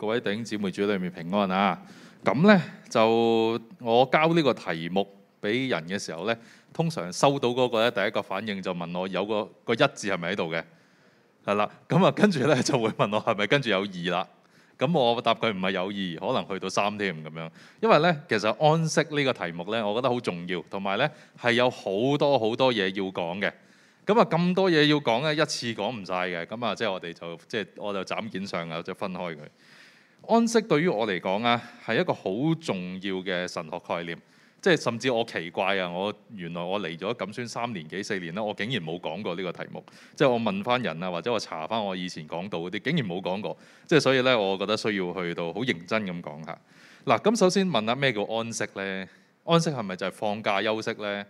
各位弟兄姊妹，主裏面平安啊！咁呢就我交呢個題目俾人嘅時候呢，通常收到嗰個呢，第一個反應就問我有個個一字係咪喺度嘅？係啦，咁啊跟住呢就會問我係咪跟住有二啦？咁我答佢唔係有二，可能去到三添咁樣。因為呢，其實安息呢個題目呢，我覺得好重要，同埋呢係有好多好多嘢要講嘅。咁啊咁多嘢要講呢，一次講唔晒嘅。咁啊即係我哋就即係我就斬件上啊，就分開佢。安息對於我嚟講啊，係一個好重要嘅神學概念。即係甚至我奇怪啊，我原來我嚟咗錦宣三年幾四年啦，我竟然冇講過呢個題目。即係我問翻人啊，或者我查翻我以前講到嗰啲，竟然冇講過。即係所以咧，我覺得需要去到好認真咁講下。嗱，咁首先問下咩叫安息咧？安息係咪就係放假休息咧？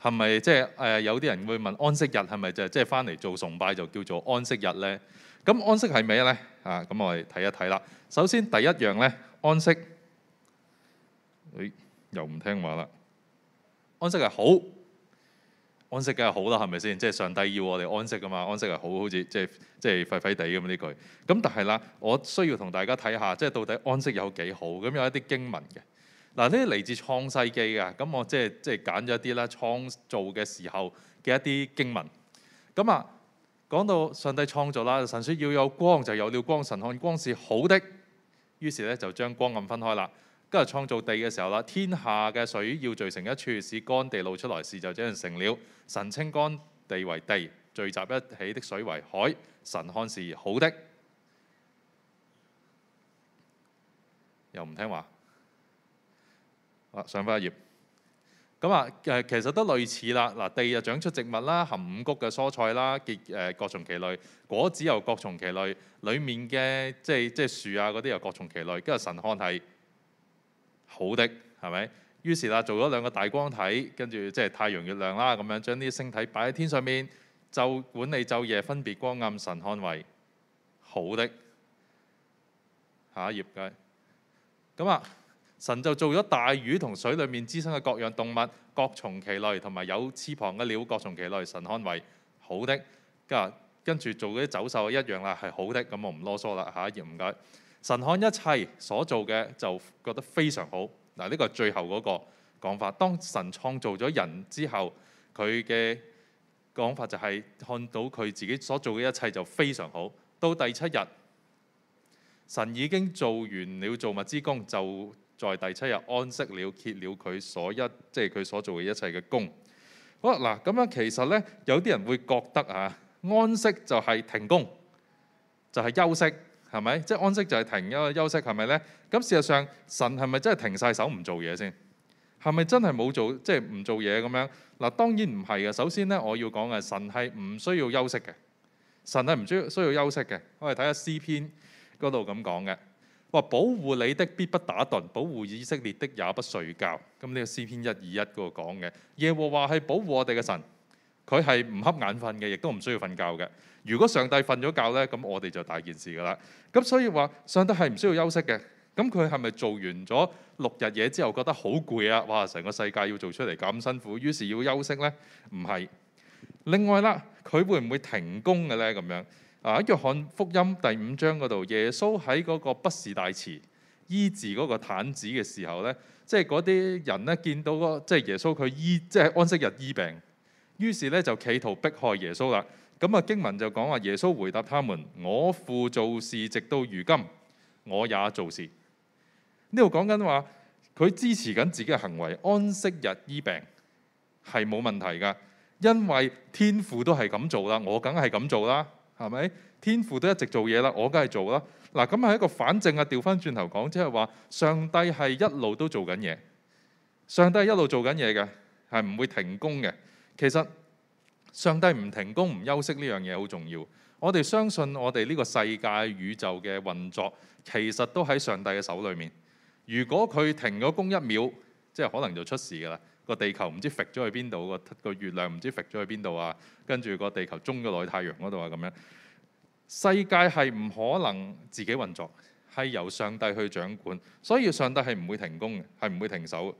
係咪即係誒有啲人會問安息日係咪就即係翻嚟做崇拜就叫做安息日咧？咁安息係咩咧？啊，咁我哋睇一睇啦。首先第一樣咧，安息。誒、哎，又唔聽話啦。安息係好，安息梗係好啦，係咪先？即係上帝要我哋安息噶嘛，安息係好，好似即係即係廢廢地咁呢句。咁但係啦，我需要同大家睇下，即係到底安息有幾好？咁有一啲經文嘅。嗱、啊，呢啲嚟自創世記㗎。咁我即係即係揀咗一啲咧，創造嘅時候嘅一啲經文。咁啊。講到上帝創造啦，神說要有光，就有了光。神看光是好的，於是咧就將光暗分開啦。今日創造地嘅時候啦，天下嘅水要聚成一處，使乾地露出來，事就這樣成了。神稱乾地為地，聚集一起的水為海。神看是好的，又唔聽話。上翻一頁。咁啊，誒其實都類似啦。嗱，地又長出植物啦，含五穀嘅蔬菜啦，結誒各從其類，果子又各從其類，裡面嘅即係即係樹啊嗰啲又各從其類。跟住神看係好的，係咪？於是啦，做咗兩個大光體，跟住即係太陽、月亮啦咁樣，將啲星體擺喺天上面，就管理晝夜，分別光暗。神看為好的。下一頁嘅，咁啊。神就做咗大魚同水裏面滋生嘅各樣動物，各從其類，同埋有，有翅膀嘅鳥各從其類。神看為好的，咁跟住做嗰啲走獸一樣啦，係好的。咁我唔囉嗦啦，下一頁，唔該。神看一切所做嘅就覺得非常好。嗱，呢個係最後嗰個講法。當神創造咗人之後，佢嘅講法就係看到佢自己所做嘅一切就非常好。到第七日，神已經做完了造物之功。就。在第七日安息了，歇了佢所一，即係佢所做嘅一切嘅工。好啦，嗱咁樣其實咧，有啲人會覺得啊，安息就係停工，就係休息，係咪？即係安息就係停一休息，係咪咧？咁事實上，神係咪真係停晒手唔做嘢先？係咪真係冇做，即係唔做嘢咁樣？嗱，當然唔係嘅。首先咧，我要講嘅，神係唔需要休息嘅，神係唔需要需要休息嘅。我哋睇下詩篇嗰度咁講嘅。話保護你的必不打盹，保護以色列的也不睡覺。咁呢個詩篇一二一嗰個講嘅，耶和華係保護我哋嘅神，佢係唔瞌眼瞓嘅，亦都唔需要瞓覺嘅。如果上帝瞓咗覺呢，咁我哋就大件事噶啦。咁所以話上帝係唔需要休息嘅。咁佢係咪做完咗六日嘢之後覺得好攰啊？哇！成個世界要做出嚟咁辛苦，於是要休息呢？唔係。另外啦，佢會唔會停工嘅呢？咁樣？啊！喺《約翰福音》第五章嗰度，耶穌喺嗰個畢士大池醫治嗰個癱子嘅時候咧，即係嗰啲人咧見到個即係耶穌佢醫即係安息日醫病，於是咧就企圖迫害耶穌啦。咁啊經文就講話耶穌回答他們：我父做事直到如今，我也做事。呢度講緊話佢支持緊自己嘅行為，安息日醫病係冇問題噶，因為天父都係咁做啦，我梗係咁做啦。係咪？天父都一直做嘢啦，我梗係做啦。嗱，咁係一個反證啊！調翻轉頭講，即係話上帝係一路都做緊嘢，上帝係一路做緊嘢嘅，係唔會停工嘅。其實上帝唔停工、唔休息呢樣嘢好重要。我哋相信我哋呢個世界宇宙嘅運作，其實都喺上帝嘅手裏面。如果佢停咗工一秒，即係可能就出事㗎喇。個地球唔知揈咗去邊度，個個月亮唔知揈咗去邊度啊！跟住個地球中咗落去太陽嗰度啊，咁樣世界係唔可能自己運作，係由上帝去掌管，所以上帝係唔會停工嘅，係唔會停手。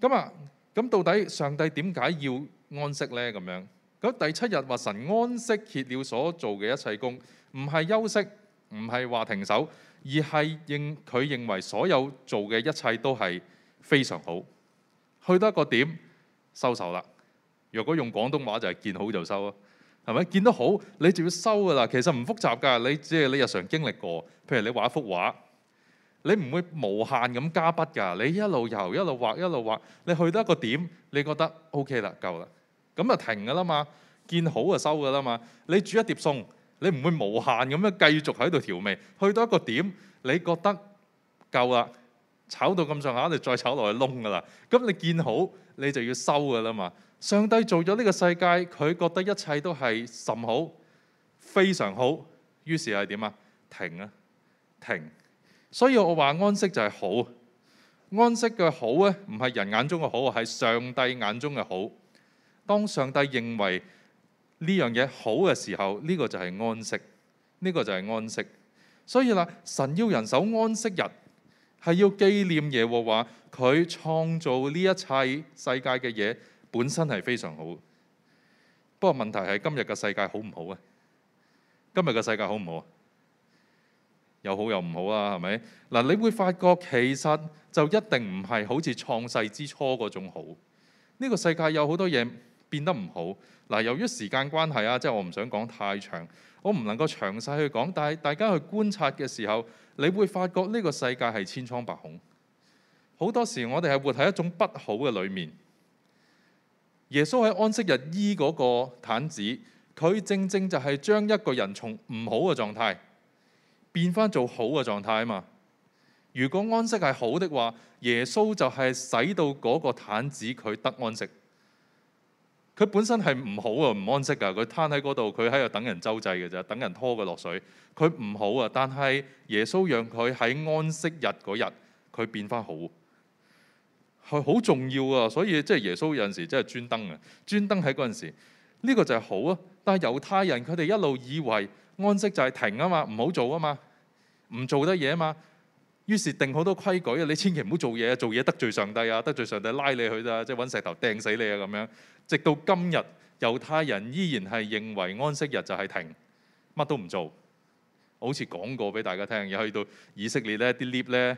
咁啊，咁到底上帝點解要安息呢？咁樣咁第七日話神安息，歇了所做嘅一切工，唔係休息，唔係話停手，而係認佢認為所有做嘅一切都係非常好。去到一個點收手啦。若果用廣東話就係見好就收咯，係咪？見得好你就要收㗎啦。其實唔複雜㗎，你即係你日常經歷過。譬如你畫一幅畫，你唔會無限咁加筆㗎。你一路遊一路畫一路畫，你去到一個點，你覺得 OK 啦，夠啦，咁就停㗎啦嘛。見好就收㗎啦嘛。你煮一碟餸，你唔會無限咁樣繼續喺度調味。去到一個點，你覺得夠啦。炒到咁上下，你再炒落去窿噶啦。咁你見好，你就要收噶啦嘛。上帝做咗呢個世界，佢覺得一切都係甚好，非常好。於是係點啊？停啊！停。所以我話安息就係好。安息嘅好咧，唔係人眼中嘅好，係上帝眼中嘅好。當上帝認為呢樣嘢好嘅時候，呢個就係安息，呢個就係安息。所以啦，神要人守安息日。係要紀念耶和華，佢創造呢一切世界嘅嘢本身係非常好。不過問題係今日嘅世界好唔好啊？今日嘅世界好唔好啊？又好又唔好啊？係咪？嗱，你會發覺其實就一定唔係好似創世之初嗰種好。呢個世界有好多嘢變得唔好。嗱，由於時間關係啊，即係我唔想講太長，我唔能夠詳細去講。但係大家去觀察嘅時候，你會發覺呢個世界係千瘡百孔，好多時我哋係活喺一種不好嘅裡面。耶穌喺安息日醫嗰個癱子，佢正正就係將一個人從唔好嘅狀態變翻做好嘅狀態啊嘛。如果安息係好的話，耶穌就係使到嗰個癱子佢得安息。佢本身係唔好啊，唔安息噶。佢攤喺嗰度，佢喺度等人周濟嘅啫，等人拖佢落水。佢唔好啊，但係耶穌讓佢喺安息日嗰日佢變翻好，係好重要啊。所以即係耶穌有陣時真係專登啊，專登喺嗰陣時呢個就係好啊。但係猶太人佢哋一路以為安息就係停啊嘛，唔好做啊嘛，唔做得嘢啊嘛，於是定好多規矩啊。你千祈唔好做嘢啊，做嘢得罪上帝啊，得罪上帝拉你去咋，即係揾石頭掟死你啊咁樣。直到今日，猶太人依然係認為安息日就係停，乜都唔做。我好似講過俾大家聽，又去到以色列咧，啲 lift 咧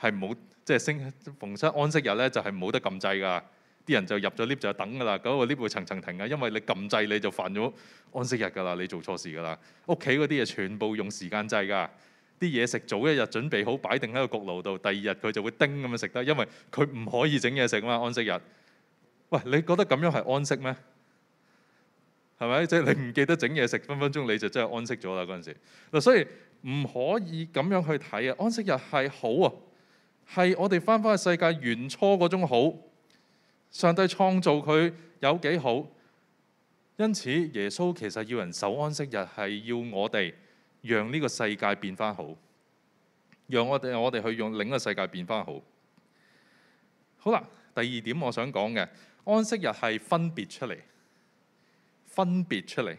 係冇，即係逢七安息日咧就係冇得撳掣㗎。啲人就入咗 lift 就等㗎啦。嗰個 lift 會層層停㗎，因為你撳掣你就犯咗安息日㗎啦，你做錯事㗎啦。屋企嗰啲嘢全部用時間制㗎，啲嘢食早一日準備好擺定喺個焗爐度，第二日佢就會叮咁樣食得，因為佢唔可以整嘢食啊嘛，安息日。喂，你覺得咁樣係安息咩？係咪即係你唔記得整嘢食，分分鐘你就真係安息咗啦嗰陣時。嗱，所以唔可以咁樣去睇啊！安息日係好啊，係我哋翻返去世界原初嗰種好。上帝創造佢有幾好？因此耶穌其實要人守安息日係要我哋讓呢個世界變翻好，讓我哋我哋去用另一個世界變翻好。好啦，第二點我想講嘅。安息日係分別出嚟，分別出嚟。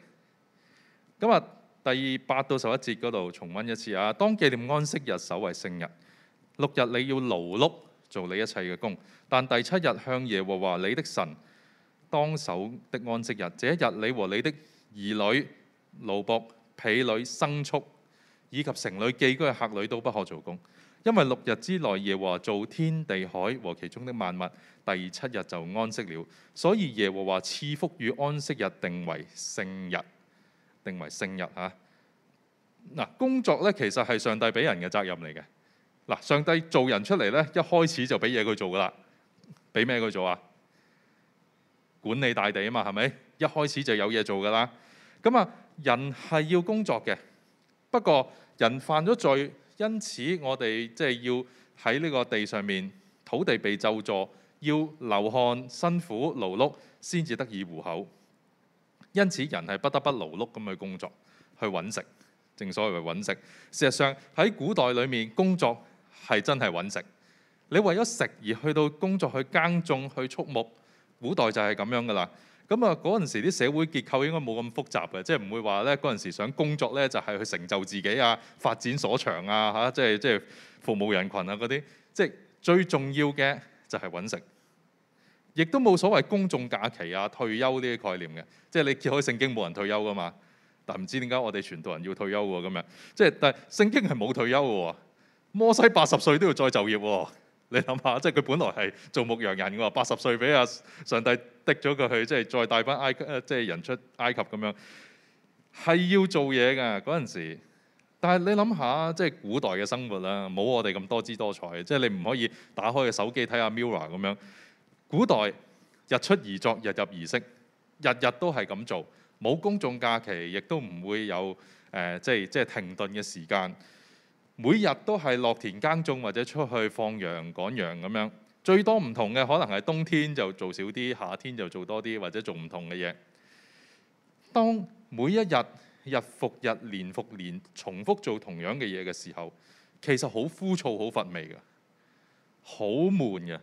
今日第八到十一節嗰度重溫一次啊。當記念安息日，守為聖日。六日你要勞碌做你一切嘅工，但第七日向耶和華你的神當守的安息日，這一日你和你的兒女、奴僕、婢女、牲畜以及城裏寄居客旅都不可做工。因為六日之內，耶和華造天地海和其中的萬物，第七日就安息了。所以耶和華賜福與安息日，定為聖日，定為聖日吓。嗱、啊，工作咧其實係上帝俾人嘅責任嚟嘅。嗱，上帝造人出嚟咧，一開始就俾嘢佢做噶啦，俾咩佢做啊？管理大地啊嘛，係咪？一開始就有嘢做噶啦。咁啊，人係要工作嘅，不過人犯咗罪。因此，我哋即係要喺呢個地上面，土地被咒詛，要流汗、辛苦、勞碌，先至得以糊口。因此，人係不得不勞碌咁去工作，去揾食。正所謂為揾食。事實上喺古代裏面，工作係真係揾食。你為咗食而去到工作，去耕種，去畜牧，古代就係咁樣噶啦。咁啊，嗰陣時啲社會結構應該冇咁複雜嘅，即係唔會話咧嗰陣時想工作咧就係去成就自己啊、發展所長啊嚇，即係即係服務人群啊嗰啲，即係最重要嘅就係揾食，亦都冇所謂公眾假期啊、退休呢啲概念嘅，即係你揭開聖經冇人退休噶嘛，但唔知點解我哋傳道人要退休喎咁樣，即係但聖經係冇退休喎，摩西八十歲都要再就業喎。你諗下，即係佢本來係做牧羊人㗎，八十歲俾阿上帝滴咗佢去，即係再帶班埃即係人出埃及咁樣，係要做嘢㗎嗰陣時。但係你諗下，即係古代嘅生活啦，冇我哋咁多姿多彩。即係你唔可以打開個手機睇下 Mirror 咁樣。古代日出而作，日入而息，日日都係咁做，冇公眾假期，亦都唔會有誒、呃，即係即係停頓嘅時間。每日都係落田耕種或者出去放羊趕羊咁樣，最多唔同嘅可能係冬天就做少啲，夏天就做多啲，或者做唔同嘅嘢。當每一日日復日、年復年重複做同樣嘅嘢嘅時候，其實好枯燥、好乏味嘅，好悶嘅。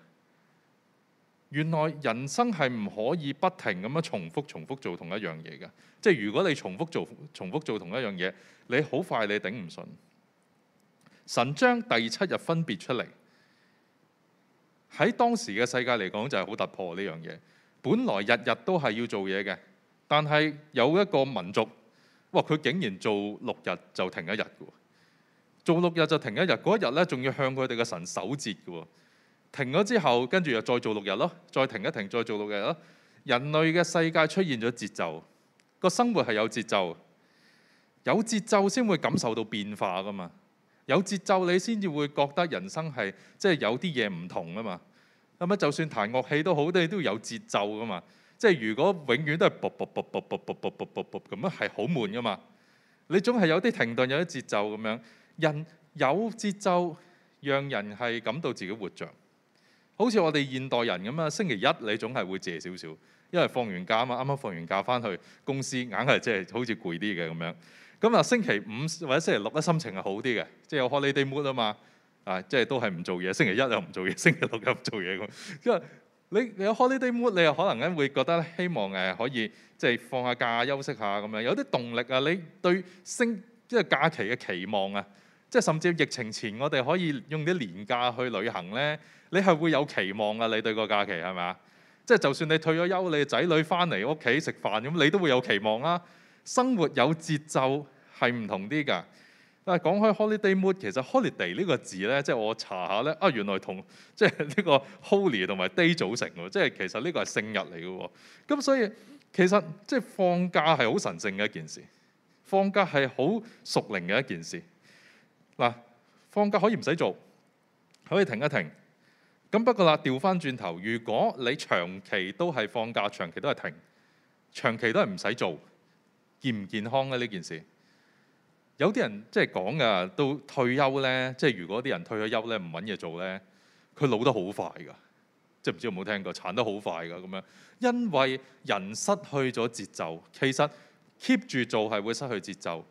原來人生係唔可以不停咁樣重複重複、重複做同一樣嘢嘅，即係如果你重複做重複做同一樣嘢，你好快你頂唔順。神將第七日分別出嚟，喺當時嘅世界嚟講就係好突破呢樣嘢。本來日日都係要做嘢嘅，但係有一個民族，哇！佢竟然做六日就停一日。做六日就停一日。嗰一日咧，仲要向佢哋嘅神守節嘅。停咗之後，跟住又再做六日咯，再停一停，再做六日咯。人類嘅世界出現咗節奏，個生活係有節奏，有節奏先會感受到變化噶嘛。有節奏你先至會覺得人生係即係有啲嘢唔同啊嘛，咁啊，就算彈樂器都好，你都要有節奏㗎嘛。即係如果永遠都係卜卜卜卜卜咁啊，係好悶㗎嘛。你總係有啲停頓，有啲節奏咁樣。人有節奏，讓人係感到自己活着。好似我哋現代人咁啊，星期一你總係會謝少少。因為放完假啊嘛，啱啱放完假翻去公司的，硬係即係好似攰啲嘅咁樣。咁啊，星期五或者星期六咧，心情係好啲嘅，即係有 holiday mood 啊嘛。啊，即係都係唔做嘢。星期一又唔做嘢，星期六又唔做嘢咁。因為你你有 holiday mood，你又可能咧會覺得希望誒可以即係、就是、放下假休息下咁樣，有啲動力啊。你對星即係假期嘅期望啊，即係甚至疫情前我哋可以用啲年假去旅行咧，你係會有期望噶？你對個假期係咪啊？是即係就算你退咗休，你嘅仔女翻嚟屋企食飯咁，你都會有期望啦。生活有節奏係唔同啲㗎。啊，講開 holiday mood，其實 holiday 呢個字咧，即係我查下咧，啊原來同即係呢個 holy 同埋 day 組成嘅，即係其實呢個係聖日嚟嘅。咁所以其實即係放假係好神聖嘅一件事，放假係好屬靈嘅一件事。嗱，放假可以唔使做，可以停一停。咁不過啦，調翻轉頭，如果你長期都係放假，長期都係停，長期都係唔使做，健唔健康咧？呢件事有啲人即係講㗎，都退休呢。即係如果啲人退咗休呢，唔揾嘢做呢，佢老得好快㗎，即係唔知有冇聽過，殘得好快㗎咁樣，因為人失去咗節奏。其實 keep 住做係會失去節奏，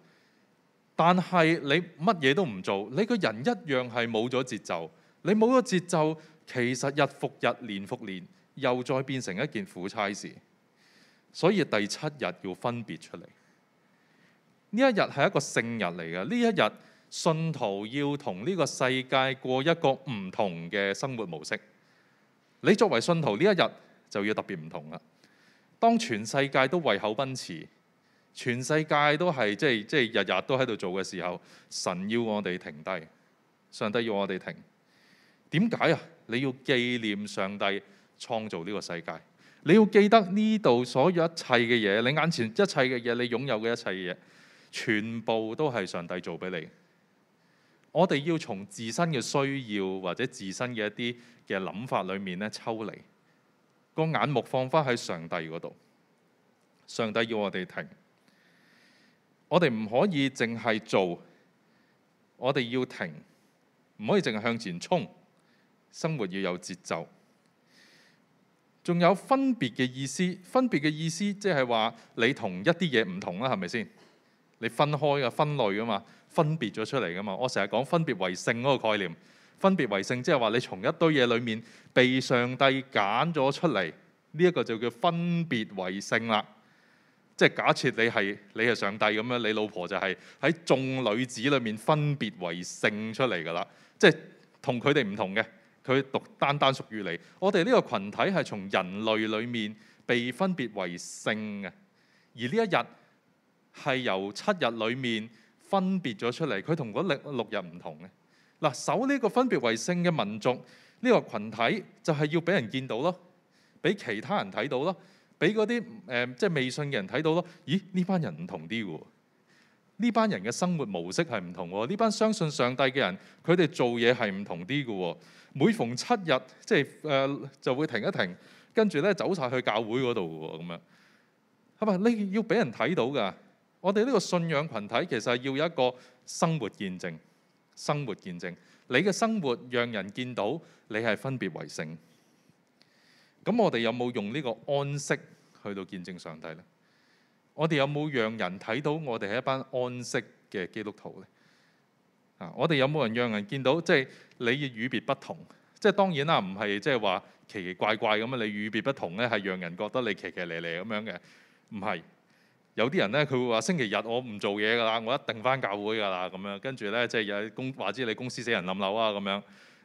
但係你乜嘢都唔做，你個人一樣係冇咗節奏，你冇咗節奏。其實日復日，年復年，又再變成一件苦差事。所以第七日要分別出嚟。呢一日係一個聖日嚟嘅。呢一日信徒要同呢個世界過一個唔同嘅生活模式。你作為信徒，呢一日就要特別唔同啦。當全世界都為口奔馳，全世界都係即係即係日日都喺度做嘅時候，神要我哋停低，上帝要我哋停。點解啊？你要紀念上帝創造呢個世界，你要記得呢度所有一切嘅嘢，你眼前一切嘅嘢，你擁有嘅一切嘢，全部都係上帝做俾你。我哋要從自身嘅需要或者自身嘅一啲嘅諗法裏面咧抽離，個眼目放翻喺上帝嗰度。上帝要我哋停，我哋唔可以淨係做，我哋要停，唔可以淨係向前衝。生活要有節奏，仲有分別嘅意思。分別嘅意思即係話你同一啲嘢唔同啦，係咪先？你分開嘅、分類嘅嘛，分別咗出嚟嘅嘛。我成日講分別為聖嗰個概念，分別為聖即係話你從一堆嘢裡面被上帝揀咗出嚟，呢一個就叫分別為聖啦。即係假設你係你係上帝咁樣，你老婆就係喺眾女子裡面分別為聖出嚟㗎啦，即係同佢哋唔同嘅。佢獨單單屬於你。我哋呢個群體係從人類裡面被分別為聖嘅，而呢一日係由七日裡面分別咗出嚟。佢同嗰六日唔同嘅。嗱，守呢個分別為聖嘅民族，呢個群體就係要俾人見到咯，俾其他人睇到咯，俾嗰啲誒即係未信嘅人睇到咯。咦？呢班人唔同啲喎，呢班人嘅生活模式係唔同喎。呢班相信上帝嘅人，佢哋做嘢係唔同啲嘅喎。每逢七日，即係誒就會停一停，跟住咧走晒去教會嗰度，咁樣係咪你要俾人睇到㗎？我哋呢個信仰群體其實係要有一個生活見證，生活見證，你嘅生活讓人見到你係分別為聖。咁我哋有冇用呢個安息去到見證上帝呢？我哋有冇讓人睇到我哋係一班安息嘅基督徒呢？啊！我哋有冇人讓人見到即係、就是、你要與別不同？即、就、係、是、當然啦，唔係即係話奇奇怪怪咁啊！你與別不同咧，係讓人覺得你奇奇咧咧咁樣嘅。唔係有啲人咧，佢會話星期日我唔做嘢㗎啦，我一定翻教會㗎啦咁樣。跟住咧即係有公話知你公司死人冧樓啊咁樣，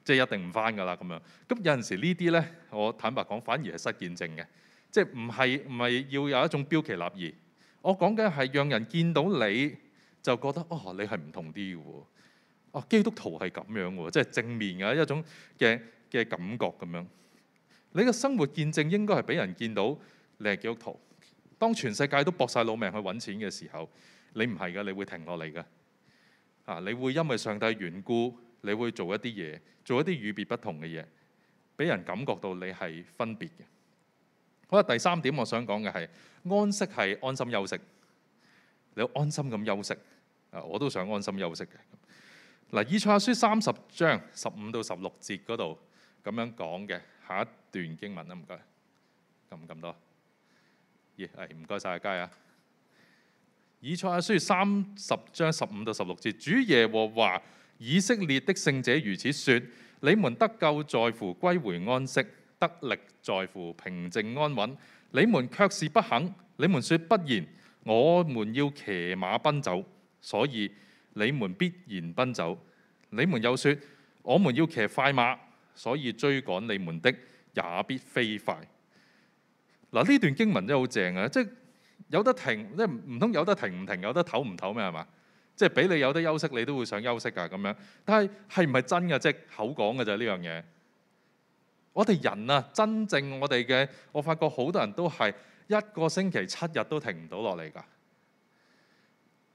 即、就、係、是、一定唔翻㗎啦咁樣。咁有陣時呢啲咧，我坦白講反而係失見證嘅，即係唔係唔係要有一種標奇立異。我講緊係讓人見到你就覺得哦，你係唔同啲嘅喎。哦，基督徒係咁樣喎，即係正面嘅一種嘅嘅感覺咁樣。你嘅生活見證應該係俾人見到你係基督徒。當全世界都搏晒老命去揾錢嘅時候，你唔係嘅，你會停落嚟嘅啊！你會因為上帝緣故，你會做一啲嘢，做一啲與別不同嘅嘢，俾人感覺到你係分別嘅。好啦，第三點我想講嘅，係安息係安心休息，你安心咁休息啊！我都想安心休息嘅。嗱，《以賽亞書》三十章十五到十六節嗰度咁樣講嘅下一段經文啦，唔該，夠唔夠多？咦，唔該晒，阿佳啊，《以賽亞書》三十章十五到十六節，主耶和華以色列的聖者如此說：你們得救在乎歸回安息，得力在乎平靜安穩。你們卻是不肯，你們說：不然，我們要騎馬奔走，所以，你們必然奔走，你們又說我們要騎快馬，所以追趕你們的也必飛快。嗱，呢段經文真係好正啊！即係有得停，即係唔通有得停唔停，有得唞唔唞咩？係嘛？即係俾你有得休息，你都會想休息㗎咁樣。但係係唔係真㗎？即係口講㗎啫呢樣嘢。我哋人啊，真正我哋嘅，我發覺好多人都係一個星期七日都停唔到落嚟㗎。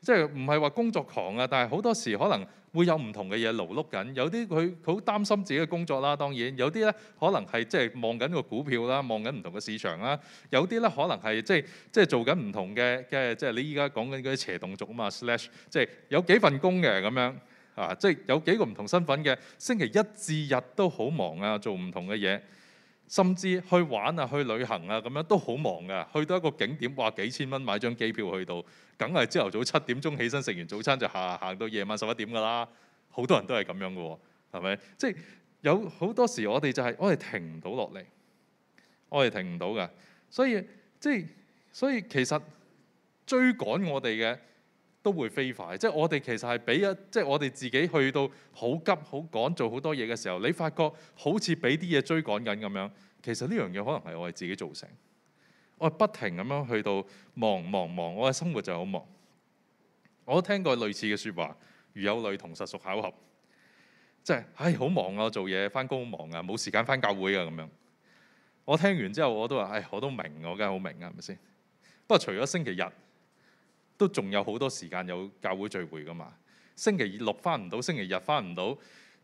即係唔係話工作狂啊？但係好多時可能會有唔同嘅嘢勞碌緊。有啲佢好擔心自己嘅工作啦，當然有啲咧可能係即係望緊個股票啦，望緊唔同嘅市場啦。有啲咧可能係即係即係做緊唔同嘅嘅即係你依家講緊嗰啲斜動族啊，slash 即係有幾份工嘅咁樣啊，即係有幾個唔同身份嘅，星期一至日都好忙啊，做唔同嘅嘢。甚至去玩啊、去旅行啊，咁樣都好忙噶。去到一個景點，哇！幾千蚊買張機票去到，梗係朝頭早七點鐘起身，食完早餐就行行到夜晚十一點噶啦。好多人都係咁樣噶喎，係咪？即係有好多時我哋就係我哋停唔到落嚟，我哋停唔到噶。所以即係所以其實追趕我哋嘅。都會飛快，即係我哋其實係俾一，即係我哋自己去到好急、好趕，做好多嘢嘅時候，你發覺好似俾啲嘢追趕緊咁樣。其實呢樣嘢可能係我係自己造成的，我係不停咁樣去到忙、忙、忙，我嘅生活就好忙。我都聽過類似嘅説話，如有雷同，實屬巧合。即係，唉，好忙啊，做嘢，翻工好忙啊，冇時間翻教會啊，咁樣。我聽完之後，我都話，唉，我都明，我梗係好明啊，係咪先？不過除咗星期日，都仲有好多時間有教會聚會噶嘛？星期六翻唔到，星期日翻唔到，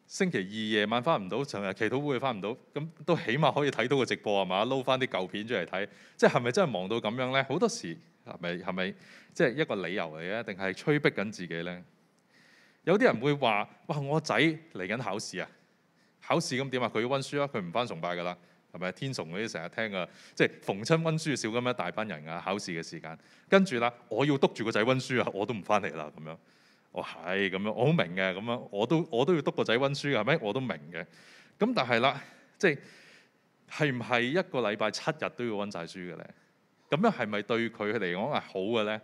星期二夜晚翻唔到，成日祈禱會翻唔到，咁都起碼可以睇到個直播係嘛？撈翻啲舊片出嚟睇，即係咪真係忙到咁樣咧？好多時係咪係咪即係一個理由嚟嘅，定係催逼緊自己咧？有啲人會話：哇！我仔嚟緊考試啊，考試咁點啊？佢要温書啊，佢唔翻崇拜噶啦。係咪天崇嗰啲成日聽啊？即係逢親温書少咁樣大班人啊！考試嘅時間，跟住啦，我要督住個仔温書啊！我都唔翻嚟啦咁樣。我係咁樣，我好明嘅咁樣，我都我都要督個仔温書嘅，係咪？我都明嘅。咁但係啦，即係係唔係一個禮拜七日都要温晒書嘅咧？咁樣係咪對佢嚟講係好嘅咧？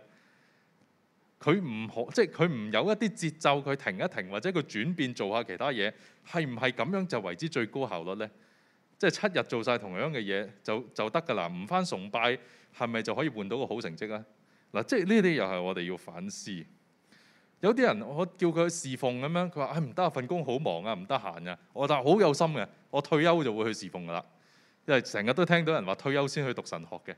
佢唔可即係佢唔有一啲節奏，佢停一停或者佢轉變做下其他嘢，係唔係咁樣就為之最高效率咧？即係七日做晒同樣嘅嘢就就得㗎啦，唔返崇拜係咪就可以換到個好成績啊？嗱，即係呢啲又係我哋要反思。有啲人我叫佢去侍奉咁樣，佢話：，唉、哎，唔得啊，份工好忙啊，唔得閒啊。我話：，好有心嘅，我退休就會去侍奉㗎啦。因為成日都聽到人話退休先去讀神學嘅，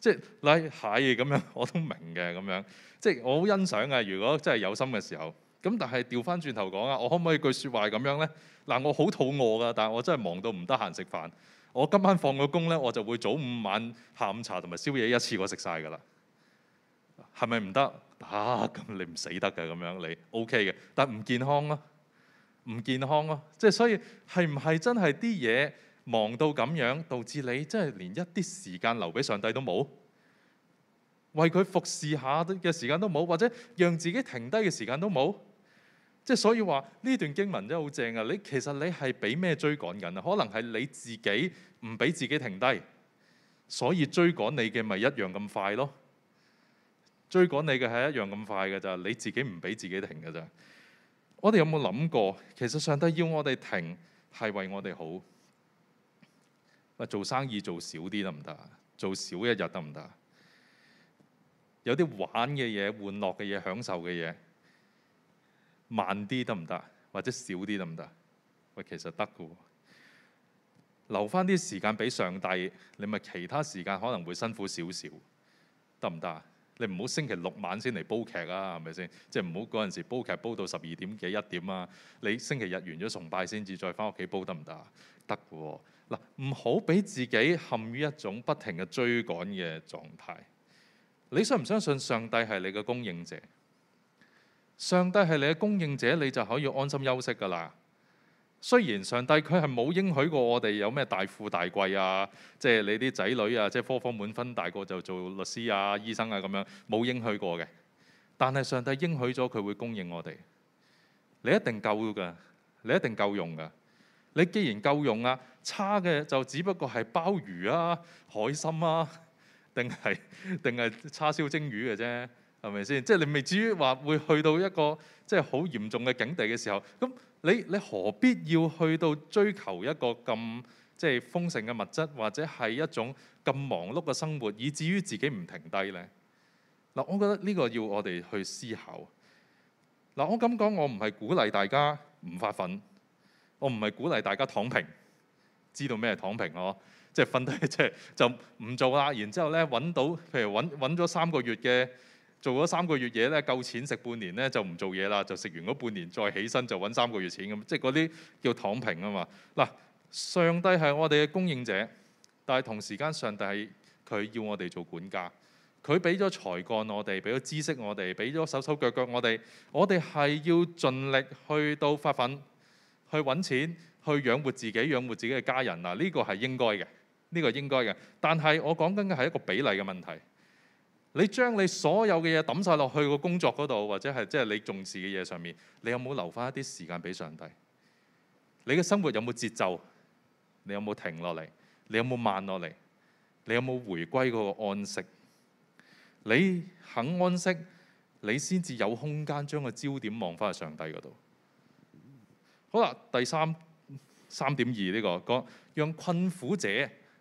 即係嗱係咁樣，我都明嘅咁樣。即係我好欣賞啊，如果真係有心嘅時候。.咁但係調翻轉頭講啊，我可唔可以句說話咁樣呢？嗱，我好肚餓噶，但係我真係忙到唔得閒食飯。我今晚放個工呢，我就會早午晚下午茶同埋宵夜一次過食晒噶啦。係咪唔得？啊，咁你唔死得噶咁樣你 O K 嘅，但唔健康咯、啊，唔健康咯、啊。即係所以係唔係真係啲嘢忙到咁樣，導致你真係連一啲時間留俾上帝都冇，為佢服侍下嘅時間都冇，或者讓自己停低嘅時間都冇？即係所以話呢段經文真係好正啊！你其實你係俾咩追趕緊啊？可能係你自己唔俾自己停低，所以追趕你嘅咪一樣咁快咯。追趕你嘅係一樣咁快㗎咋，你自己唔俾自己停㗎咋。我哋有冇諗過？其實上帝要我哋停係為我哋好。咪做生意做少啲得唔得？做少一日得唔得？有啲玩嘅嘢、玩樂嘅嘢、享受嘅嘢。慢啲得唔得？或者少啲得唔得？喂，其實得嘅喎，留翻啲時間俾上帝，你咪其他時間可能會辛苦少少，得唔得啊？你唔好星期六晚先嚟煲劇啊，係咪先？即係唔好嗰陣時煲劇煲到十二點幾一點啊！你星期日完咗崇拜先至再翻屋企煲得唔得？得嘅喎。嗱，唔好俾自己陷於一種不停嘅追趕嘅狀態。你信唔相信上帝係你嘅供應者？上帝係你嘅供應者，你就可以安心休息㗎啦。雖然上帝佢係冇應許過我哋有咩大富大貴啊，即係你啲仔女啊，即係科科滿分，大個就做律師啊、醫生啊咁樣，冇應許過嘅。但係上帝應許咗佢會供應我哋，你一定夠㗎，你一定夠用㗎。你既然夠用啊，差嘅就只不過係鮑魚啊、海參啊，定係定係叉燒蒸魚嘅啫。係咪先？即係你未至於話會去到一個即係好嚴重嘅境地嘅時候，咁你你何必要去到追求一個咁即係豐盛嘅物質，或者係一種咁忙碌嘅生活，以至於自己唔停低呢？嗱，我覺得呢個要我哋去思考。嗱，我咁講，我唔係鼓勵大家唔發奮，我唔係鼓勵大家躺平。知道咩係躺平？哦，即係瞓低，即係就唔做啦。然之後呢，揾到譬如揾揾咗三個月嘅。做咗三個月嘢呢，夠錢食半年呢，就唔做嘢啦，就食完嗰半年再起身，就揾三個月錢咁。即係嗰啲叫躺平啊嘛。嗱，上帝係我哋嘅供應者，但係同時間上帝係佢要我哋做管家。佢俾咗才幹我哋，俾咗知識我哋，俾咗手手腳腳我哋。我哋係要盡力去到發奮，去揾錢，去養活自己，養活自己嘅家人嗱。呢個係應該嘅，呢個應該嘅。但係我講緊嘅係一個比例嘅問題。你將你所有嘅嘢抌晒落去個工作嗰度，或者係即係你重視嘅嘢上面，你有冇留翻一啲時間俾上帝？你嘅生活有冇節奏？你有冇停落嚟？你有冇慢落嚟？你有冇回歸嗰個安息？你肯安息，你先至有空間將個焦點望翻去上帝嗰度。好啦，第三三點二呢個講讓困苦者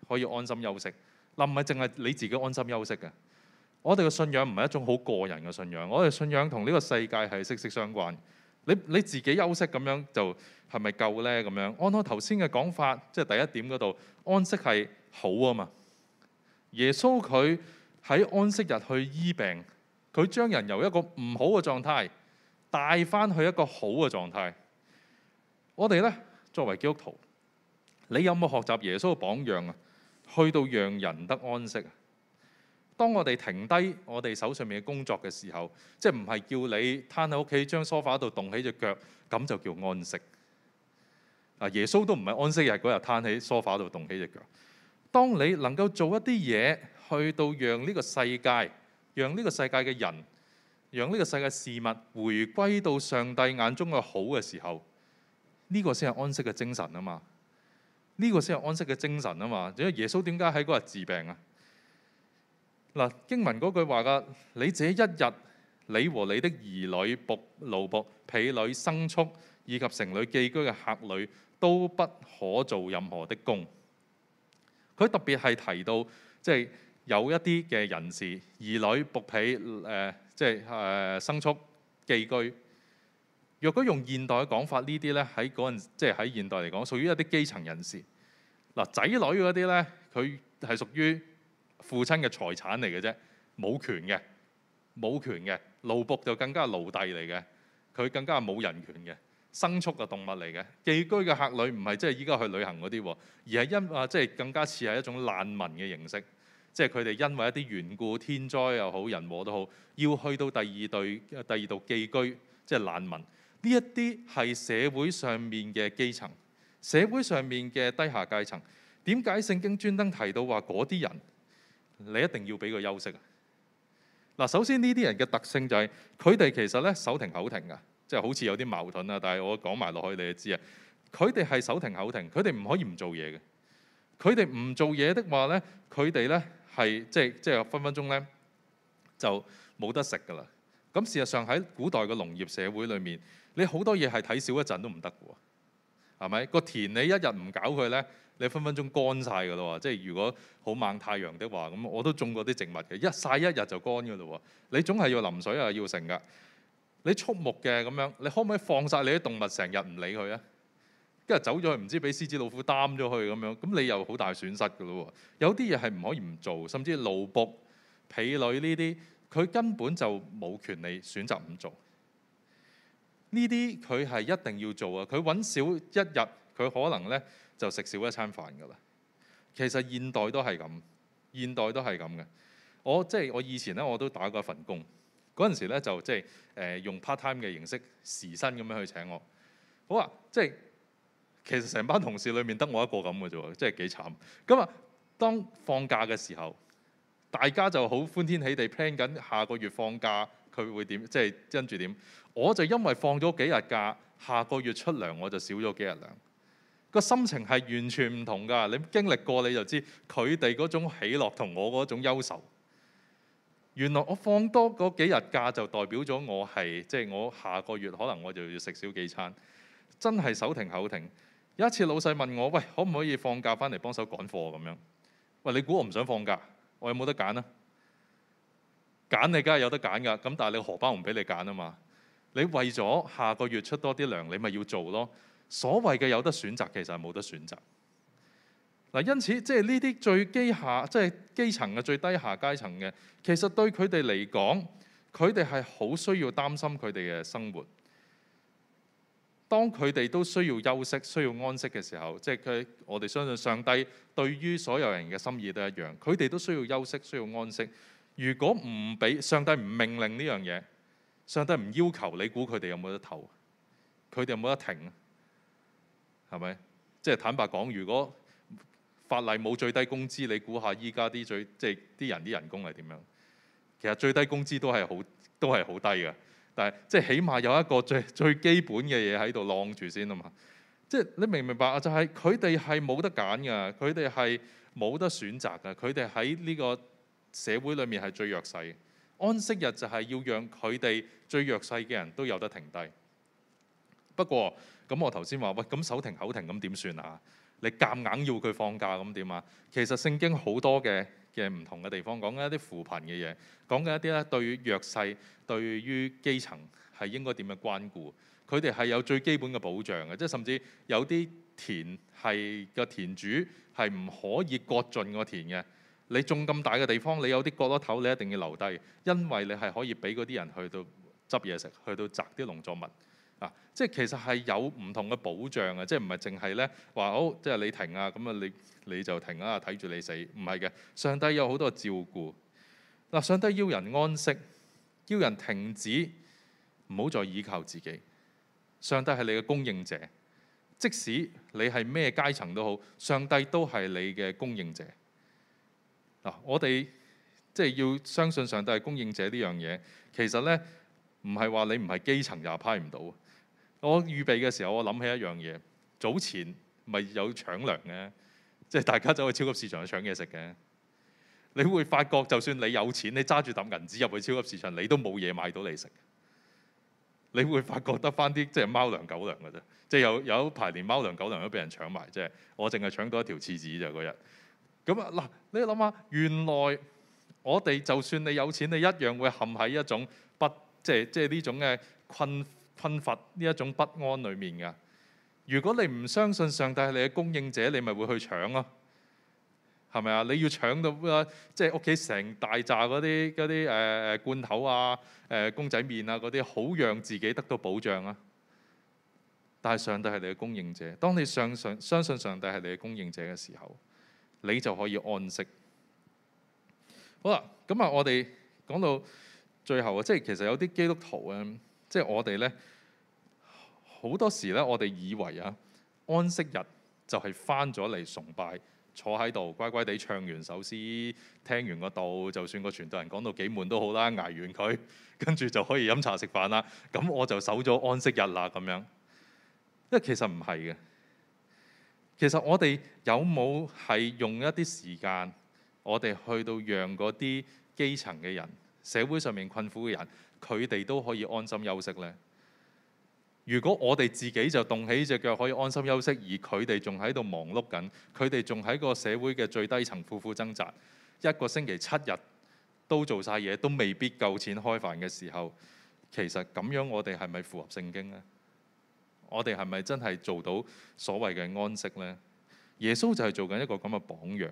可以安心休息。嗱，唔係淨係你自己安心休息嘅。我哋嘅信仰唔係一種好個人嘅信仰，我哋信仰同呢個世界係息息相關。你你自己休息咁樣就係咪夠呢？咁樣按我頭先嘅講法，即係第一點嗰度，安息係好啊嘛。耶穌佢喺安息日去醫病，佢將人由一個唔好嘅狀態帶翻去一個好嘅狀態。我哋呢，作為基督徒，你有冇學習耶穌嘅榜樣啊？去到讓人得安息。當我哋停低我哋手上面嘅工作嘅時候，即係唔係叫你攤喺屋企張梳化度動起隻腳，咁就叫安息。啊，耶穌都唔係安息日嗰日攤喺梳化度動起隻腳。當你能夠做一啲嘢，去到讓呢個世界、讓呢個世界嘅人、讓呢個世界事物回歸到上帝眼中嘅好嘅時候，呢個先係安息嘅精神啊嘛！呢個先係安息嘅精神啊嘛！因為耶穌點解喺嗰日治病啊？經文嗰句話噶，你這一日，你和你的兒女、僕奴僕、婢女、牲畜，以及城裏寄居嘅客女，都不可做任何的工。佢特別係提到，即係有一啲嘅人士，兒女、僕婢，誒、呃，即係誒，牲畜、寄居。若果用現代嘅講法，呢啲咧喺嗰陣，即係喺現代嚟講，屬於一啲基層人士。嗱，仔女嗰啲咧，佢係屬於。父親嘅財產嚟嘅啫，冇權嘅，冇權嘅奴僕，就更加係奴隸嚟嘅，佢更加係冇人權嘅，牲畜嘅動物嚟嘅。寄居嘅客旅唔係即係依家去旅行嗰啲，而係因啊即係更加似係一種難民嘅形式，即係佢哋因為一啲緣故、天災又好、人禍都好，要去到第二對第二度寄居，即係難民。呢一啲係社會上面嘅基層，社會上面嘅低下階層。點解聖經專登提到話嗰啲人？你一定要俾佢休息啊！嗱，首先呢啲人嘅特性就係佢哋其實咧手停口停噶，即係好似有啲矛盾啊。但係我講埋落去你就，你哋知啊，佢哋係手停口停，佢哋唔可以唔做嘢嘅。佢哋唔做嘢的話咧，佢哋咧係即係即係分分鐘咧就冇得食噶啦。咁事實上喺古代嘅農業社會裏面，你好多嘢係睇少一陣都唔得嘅喎。係咪個田你一日唔搞佢咧，你分分鐘乾晒㗎啦喎！即係如果好猛太陽的話，咁我都種過啲植物嘅，一曬一日就乾㗎啦喎！你總係要淋水啊，要成㗎。你畜牧嘅咁樣，你可唔可以放晒你啲動物成日唔理佢啊？跟住走咗去，唔知俾獅子老虎擔咗去咁樣，咁你又好大損失㗎咯喎！有啲嘢係唔可以唔做，甚至奴僕婢女呢啲，佢根本就冇權利選擇唔做。呢啲佢係一定要做啊！佢揾少一日，佢可能呢就食少一餐飯噶啦。其實現代都係咁，現代都係咁嘅。我即係、就是、我以前呢，我都打過一份工。嗰陣時呢就即係誒用 part time 嘅形式時薪咁樣去請我。好啊，即、就、係、是、其實成班同事裏面得我一個咁嘅啫，即係幾慘。咁啊，當放假嘅時候，大家就好歡天喜地 plan 緊下個月放假佢會點，即係跟住點。我就因為放咗幾日假，下個月出糧我就少咗幾日糧。個心情係完全唔同㗎。你經歷過你就知佢哋嗰種喜樂同我嗰種憂愁。原來我放多嗰幾日假就代表咗我係即係我下個月可能我就要食少幾餐，真係手停口停。有一次老細問我：「喂，可唔可以放假翻嚟幫手趕貨咁樣？喂，你估我唔想放假？我有冇得揀啊？揀你梗係有得揀㗎，咁但係你荷包唔俾你揀啊嘛。你為咗下個月出多啲糧，你咪要做咯。所謂嘅有得選擇，其實係冇得選擇。嗱，因此即係呢啲最基下，即係基層嘅最低下階層嘅，其實對佢哋嚟講，佢哋係好需要擔心佢哋嘅生活。當佢哋都需要休息、需要安息嘅時候，即係佢我哋相信上帝對於所有人嘅心意都一樣。佢哋都需要休息、需要安息。如果唔俾上帝唔命令呢樣嘢。上帝唔要求你，估佢哋有冇得投？佢哋有冇得停？係咪？即係坦白講，如果法例冇最低工資，你估下依家啲最即係啲人啲人工係點樣？其實最低工資都係好都係好低嘅。但係即係起碼有一個最最基本嘅嘢喺度晾住先啊嘛！即係你明唔明白啊？就係佢哋係冇得揀㗎，佢哋係冇得選擇㗎，佢哋喺呢個社會裡面係最弱勢。安息日就係要讓佢哋最弱勢嘅人都有得停低。不過咁，我頭先話，喂，咁手停口停咁點算啊？你夾硬要佢放假咁點啊？其實聖經好多嘅嘅唔同嘅地方講緊一啲扶貧嘅嘢，講緊一啲咧對於弱勢、對於基層係應該點樣關顧，佢哋係有最基本嘅保障嘅，即係甚至有啲田係個田主係唔可以割盡個田嘅。你種咁大嘅地方，你有啲角落頭，你一定要留低，因為你係可以俾嗰啲人去到執嘢食，去到摘啲農作物啊！即係其實係有唔同嘅保障嘅，即係唔係淨係呢，話好，即係你停啊，咁啊你你就停啊，睇住你死，唔係嘅。上帝有好多照顧嗱，啊，上帝要人安息，要人停止，唔好再倚靠自己。上帝係你嘅供應者，即使你係咩階層都好，上帝都係你嘅供應者。我哋即係要相信上帝係供應者呢樣嘢，其實呢，唔係話你唔係基層也派唔到。我預備嘅時候，我諗起一樣嘢，早前咪有搶糧嘅，即係大家走去超級市場去搶嘢食嘅。你會發覺，就算你有錢，你揸住沓銀紙入去超級市場，你都冇嘢買到你食。你會發覺得翻啲即係貓糧狗糧㗎啫，即係有有排連貓糧狗糧都俾人搶埋，即係我淨係搶到一條廁紙咋嗰日。咁啊！嗱，你諗下，原來我哋就算你有錢，你一樣會陷喺一種不即係即係呢種嘅困困乏呢一種不安裡面嘅。如果你唔相信上帝係你嘅供應者，你咪會去搶咯、啊，係咪啊？你要搶到啊！即係屋企成大扎嗰啲啲誒罐頭啊、誒、呃、公仔麵啊嗰啲，好讓自己得到保障啊！但係上帝係你嘅供應者，當你相信相信上帝係你嘅供應者嘅時候。你就可以安息好了。好啦，咁啊，我哋講到最後啊，即係其實有啲基督徒咧，即係我哋呢，好多時呢，我哋以為啊，安息日就係返咗嚟崇拜，坐喺度乖乖地唱完首詩，聽完個道，就算個傳道人講到幾悶都好啦，捱完佢，跟住就可以飲茶食飯啦。咁我就守咗安息日啦，咁樣，因為其實唔係嘅。其實我哋有冇係用一啲時間，我哋去到讓嗰啲基層嘅人、社會上面困苦嘅人，佢哋都可以安心休息呢？如果我哋自己就棟起隻腳可以安心休息，而佢哋仲喺度忙碌緊，佢哋仲喺個社會嘅最低層苦苦掙扎，一個星期七日都做晒嘢，都未必夠錢開飯嘅時候，其實咁樣我哋係咪符合聖經呢？我哋係咪真係做到所謂嘅安息呢？耶穌就係做緊一個咁嘅榜樣。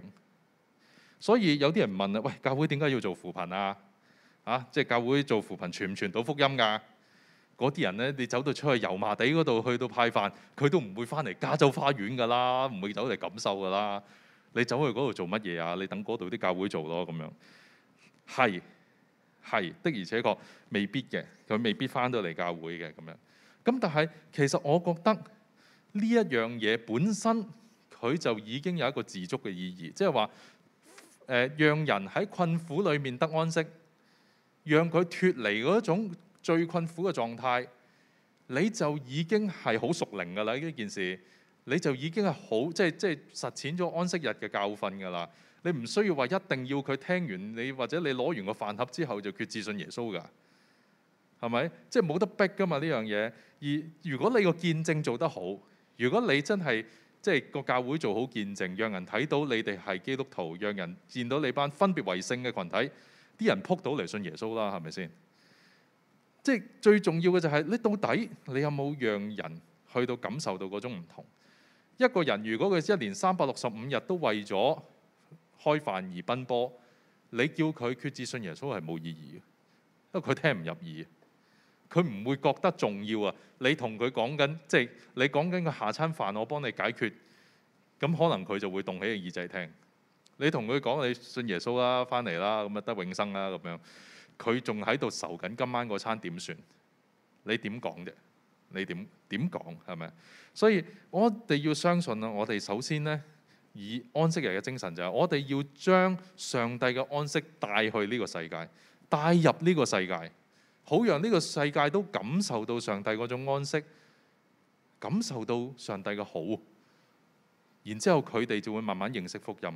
所以有啲人問啦，喂，教會點解要做扶貧啊？啊，即係教會做扶貧傳唔傳到福音㗎，啊？嗰啲人呢，你走到出去油麻地嗰度去到派飯，佢都唔會翻嚟加州花園㗎啦，唔會走嚟感受㗎啦。你走去嗰度做乜嘢啊？你等嗰度啲教會做咯，咁樣係係的，的，而且確未必嘅，佢未必翻到嚟教會嘅咁樣。咁但係其實我覺得呢一樣嘢本身佢就已經有一個自足嘅意義，即係話誒讓人喺困苦裡面得安息，讓佢脫離嗰種最困苦嘅狀態，你就已經係好屬靈㗎啦！呢件事你就已經係好即係即係實踐咗安息日嘅教訓㗎啦！你唔需要話一定要佢聽完你或者你攞完個飯盒之後就決志信耶穌㗎。係咪？即係冇得逼㗎嘛呢樣嘢。而如果你個見證做得好，如果你真係即係個教會做好見證，讓人睇到你哋係基督徒，讓人見到你班分別為聖嘅群體，啲人撲到嚟信耶穌啦，係咪先？即係最重要嘅就係、是、你到底你有冇讓人去到感受到嗰種唔同？一個人如果佢一年三百六十五日都為咗開飯而奔波，你叫佢決志信耶穌係冇意義，因為佢聽唔入耳。佢唔會覺得重要啊！你同佢講緊，即係你講緊個下餐飯，我幫你解決。咁可能佢就會動起個耳仔聽。你同佢講你信耶穌啦，返嚟啦，咁啊得永生啦咁樣。佢仲喺度愁緊今晚個餐點算？你點講啫？你點點講係咪？所以我哋要相信啊！我哋首先呢，以安息日嘅精神就係我哋要將上帝嘅安息帶去呢個世界，帶入呢個世界。好讓呢個世界都感受到上帝嗰種安息，感受到上帝嘅好，然之後佢哋就會慢慢認識福音。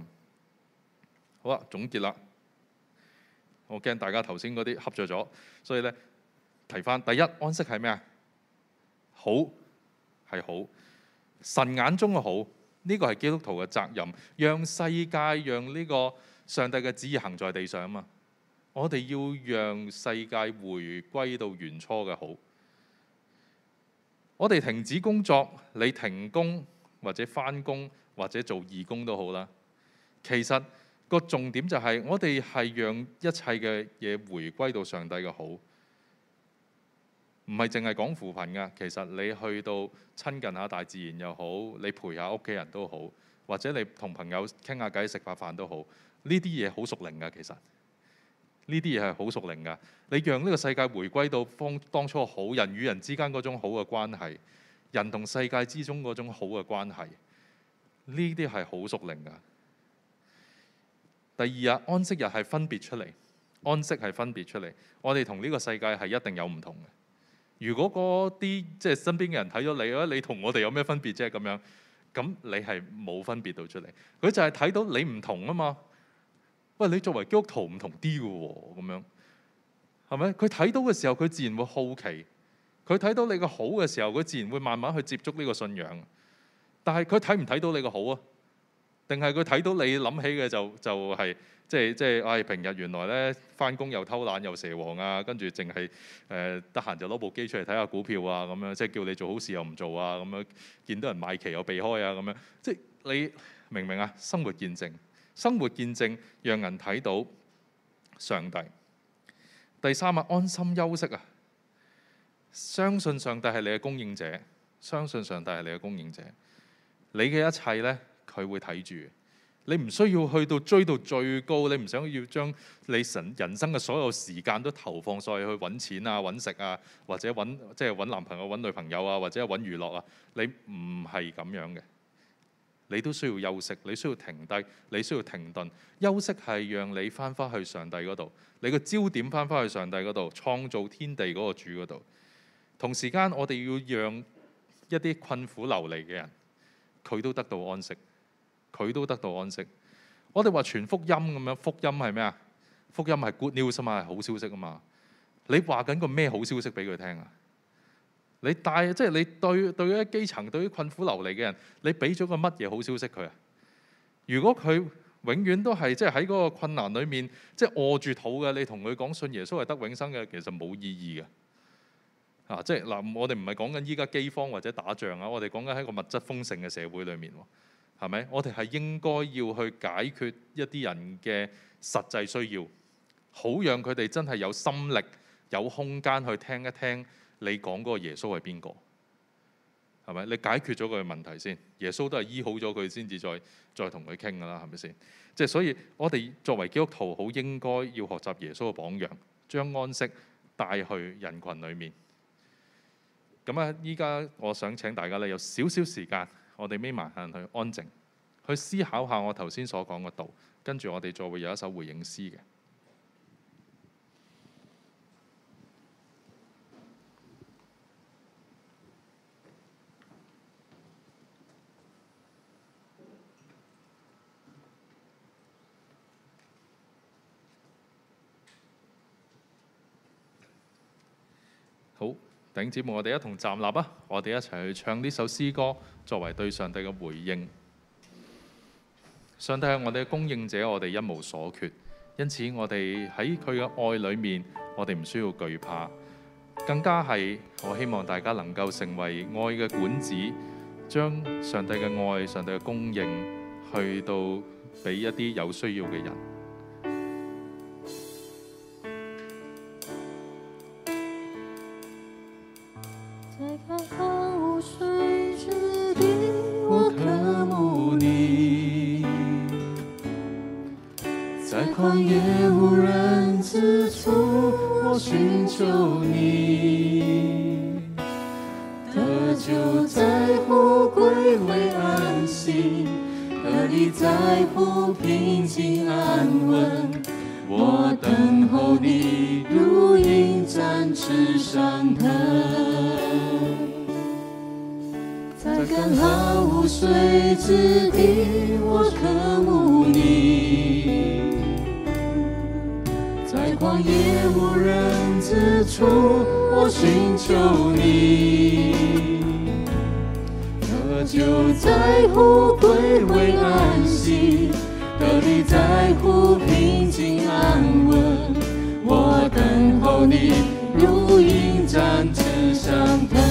好啦，總結啦，我驚大家頭先嗰啲合作咗，所以咧提翻，第一，安息係咩啊？好係好，神眼中嘅好，呢個係基督徒嘅責任，讓世界讓呢個上帝嘅旨意行在地上啊嘛。我哋要讓世界回歸到原初嘅好。我哋停止工作，你停工或者返工或者做義工都好啦。其實個重點就係我哋係讓一切嘅嘢回歸到上帝嘅好。唔係淨係講扶貧噶，其實你去到親近下大自然又好，你陪下屋企人都好，或者你同朋友傾下偈食下飯都好。呢啲嘢好屬靈噶，其實。呢啲嘢係好屬靈噶。你讓呢個世界回歸到方當初好，人與人之間嗰種好嘅關係，人同世界之中嗰種好嘅關係，呢啲係好屬靈噶。第二日安息日係分別出嚟，安息係分別出嚟。我哋同呢個世界係一定有唔同嘅。如果嗰啲即係身邊嘅人睇咗你，覺得你同我哋有咩分別啫咁樣，咁你係冇分別到出嚟。佢就係睇到你唔同啊嘛。喂，你作為基督徒唔同啲嘅喎，咁樣係咪？佢睇到嘅時候，佢自然會好奇；佢睇到你嘅好嘅時候，佢自然會慢慢去接觸呢個信仰。但係佢睇唔睇到你嘅好啊？定係佢睇到你諗起嘅就就係即係即係，唉！平日原來咧翻工又偷懶又蛇王啊，跟住淨係誒得閒就攞部機出嚟睇下股票啊咁樣，即係叫你做好事又唔做啊咁樣，見到人買旗又避開啊咁樣，即係你明唔明啊？生活見證。生活見證，讓人睇到上帝。第三啊，安心休息啊，相信上帝係你嘅供應者，相信上帝係你嘅供應者。你嘅一切呢，佢會睇住。你唔需要去到追到最高，你唔想要將你神人生嘅所有時間都投放晒去揾錢啊、揾食啊，或者揾即係揾男朋友、揾女朋友啊，或者揾娛樂啊。你唔係咁樣嘅。你都需要休息，你需要停低，你需要停頓。休息係讓你翻返去上帝嗰度，你個焦點翻返去上帝嗰度，創造天地嗰個主嗰度。同時間，我哋要讓一啲困苦流離嘅人，佢都得到安息，佢都得到安息。我哋話全福音咁樣，福音係咩啊？福音係 good news 啊嘛，係好消息啊嘛。你話緊個咩好消息俾佢聽啊？你帶即係你對對於基層、對於困苦流離嘅人，你俾咗個乜嘢好消息佢啊？如果佢永遠都係即係喺嗰個困難裡面，即係餓住肚嘅，你同佢講信耶穌係得永生嘅，其實冇意義嘅。啊，即係嗱，我哋唔係講緊依家饑荒或者打仗啊，我哋講緊喺個物質豐盛嘅社會裡面，係咪？我哋係應該要去解決一啲人嘅實際需要，好讓佢哋真係有心力、有空間去聽一聽。你講嗰個耶穌係邊個？係咪？你解決咗佢嘅問題先？耶穌都係醫好咗佢先至再再同佢傾㗎喇，係咪先？即係所以，我哋作為基督徒，好應該要學習耶穌嘅榜樣，將安息帶去人群裡面。咁啊，依家我想請大家咧，有少少時間，我哋眯埋眼去安靜，去思考下我頭先所講嘅道，跟住我哋再會有一首回應詩嘅。弟兄姊妹，我哋一同站立啊！我哋一齊去唱呢首詩歌，作為對上帝嘅回應。上帝係我哋嘅供應者，我哋一無所缺，因此我哋喺佢嘅愛裏面，我哋唔需要懼怕。更加係，我希望大家能夠成為愛嘅管子，將上帝嘅愛、上帝嘅供應去到俾一啲有需要嘅人。尋求你，得救在乎歸回安息；何以在乎平靜安穩？我等候你如鷹展翅上騰，在乾涸無水之地，我渴慕你，在曠野無人。四處我尋求你，得救在乎歸回安息，得力在乎平靜安穩，我等候你如鷹展翅上騰。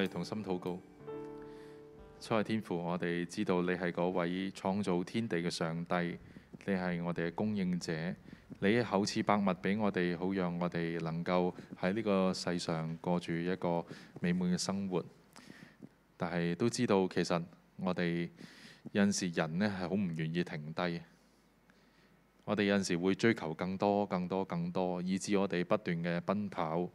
我哋同心禱告，初愛天父，我哋知道你係嗰位創造天地嘅上帝，你係我哋嘅供應者，你厚賜百物俾我哋，好讓我哋能夠喺呢個世上過住一個美滿嘅生活。但係都知道，其實我哋有陣時人呢係好唔願意停低，我哋有陣時會追求更多、更多、更多，以致我哋不斷嘅奔跑，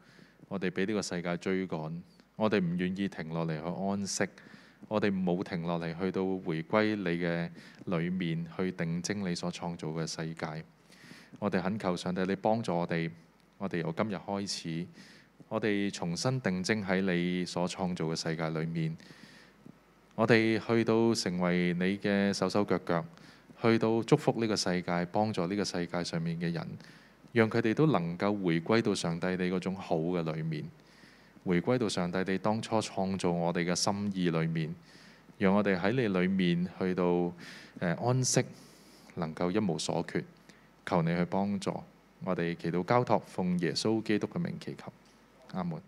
我哋俾呢個世界追趕。我哋唔願意停落嚟去安息，我哋冇停落嚟去到回歸你嘅裏面，去定睛你所創造嘅世界。我哋懇求上帝，你幫助我哋，我哋由今日開始，我哋重新定睛喺你所創造嘅世界裏面。我哋去到成為你嘅手手腳腳，去到祝福呢個世界，幫助呢個世界上面嘅人，讓佢哋都能夠回歸到上帝你嗰種好嘅裏面。回歸到上帝你當初創造我哋嘅心意裏面，讓我哋喺你裏面去到誒安息，能夠一無所缺。求你去幫助我哋，祈到交託，奉耶穌基督嘅名祈求，阿門。